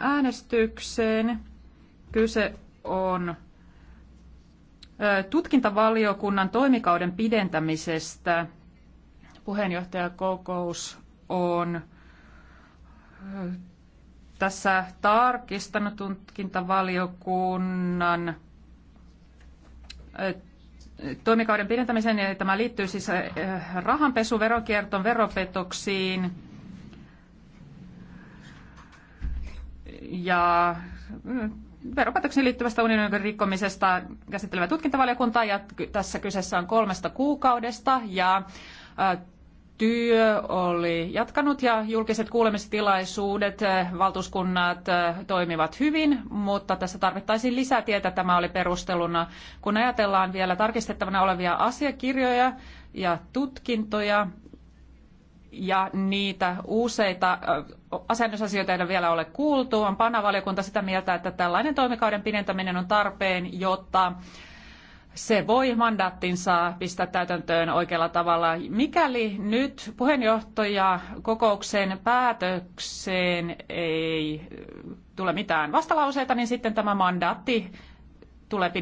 äänestykseen. Kyse on tutkintavaliokunnan toimikauden pidentämisestä. Puheenjohtajakokous on tässä tarkistanut tutkintavaliokunnan toimikauden pidentämisen. Tämä liittyy siis rahanpesu, veronkiertoon, veropetoksiin, ja mm, veropäätöksiin liittyvästä unionin rikkomisesta käsittelevä tutkintavaliokunta. Ja tässä kyseessä on kolmesta kuukaudesta ja työ oli jatkanut ja julkiset kuulemistilaisuudet, valtuuskunnat toimivat hyvin, mutta tässä tarvittaisiin lisätietä. Tämä oli perusteluna, kun ajatellaan vielä tarkistettavana olevia asiakirjoja ja tutkintoja, ja niitä useita asennusasioita ei vielä ole kuultu. On panavaliokunta sitä mieltä, että tällainen toimikauden pidentäminen on tarpeen, jotta se voi mandaattinsa pistää täytäntöön oikealla tavalla. Mikäli nyt puheenjohtaja kokouksen päätökseen ei tule mitään vastalauseita, niin sitten tämä mandaatti tulee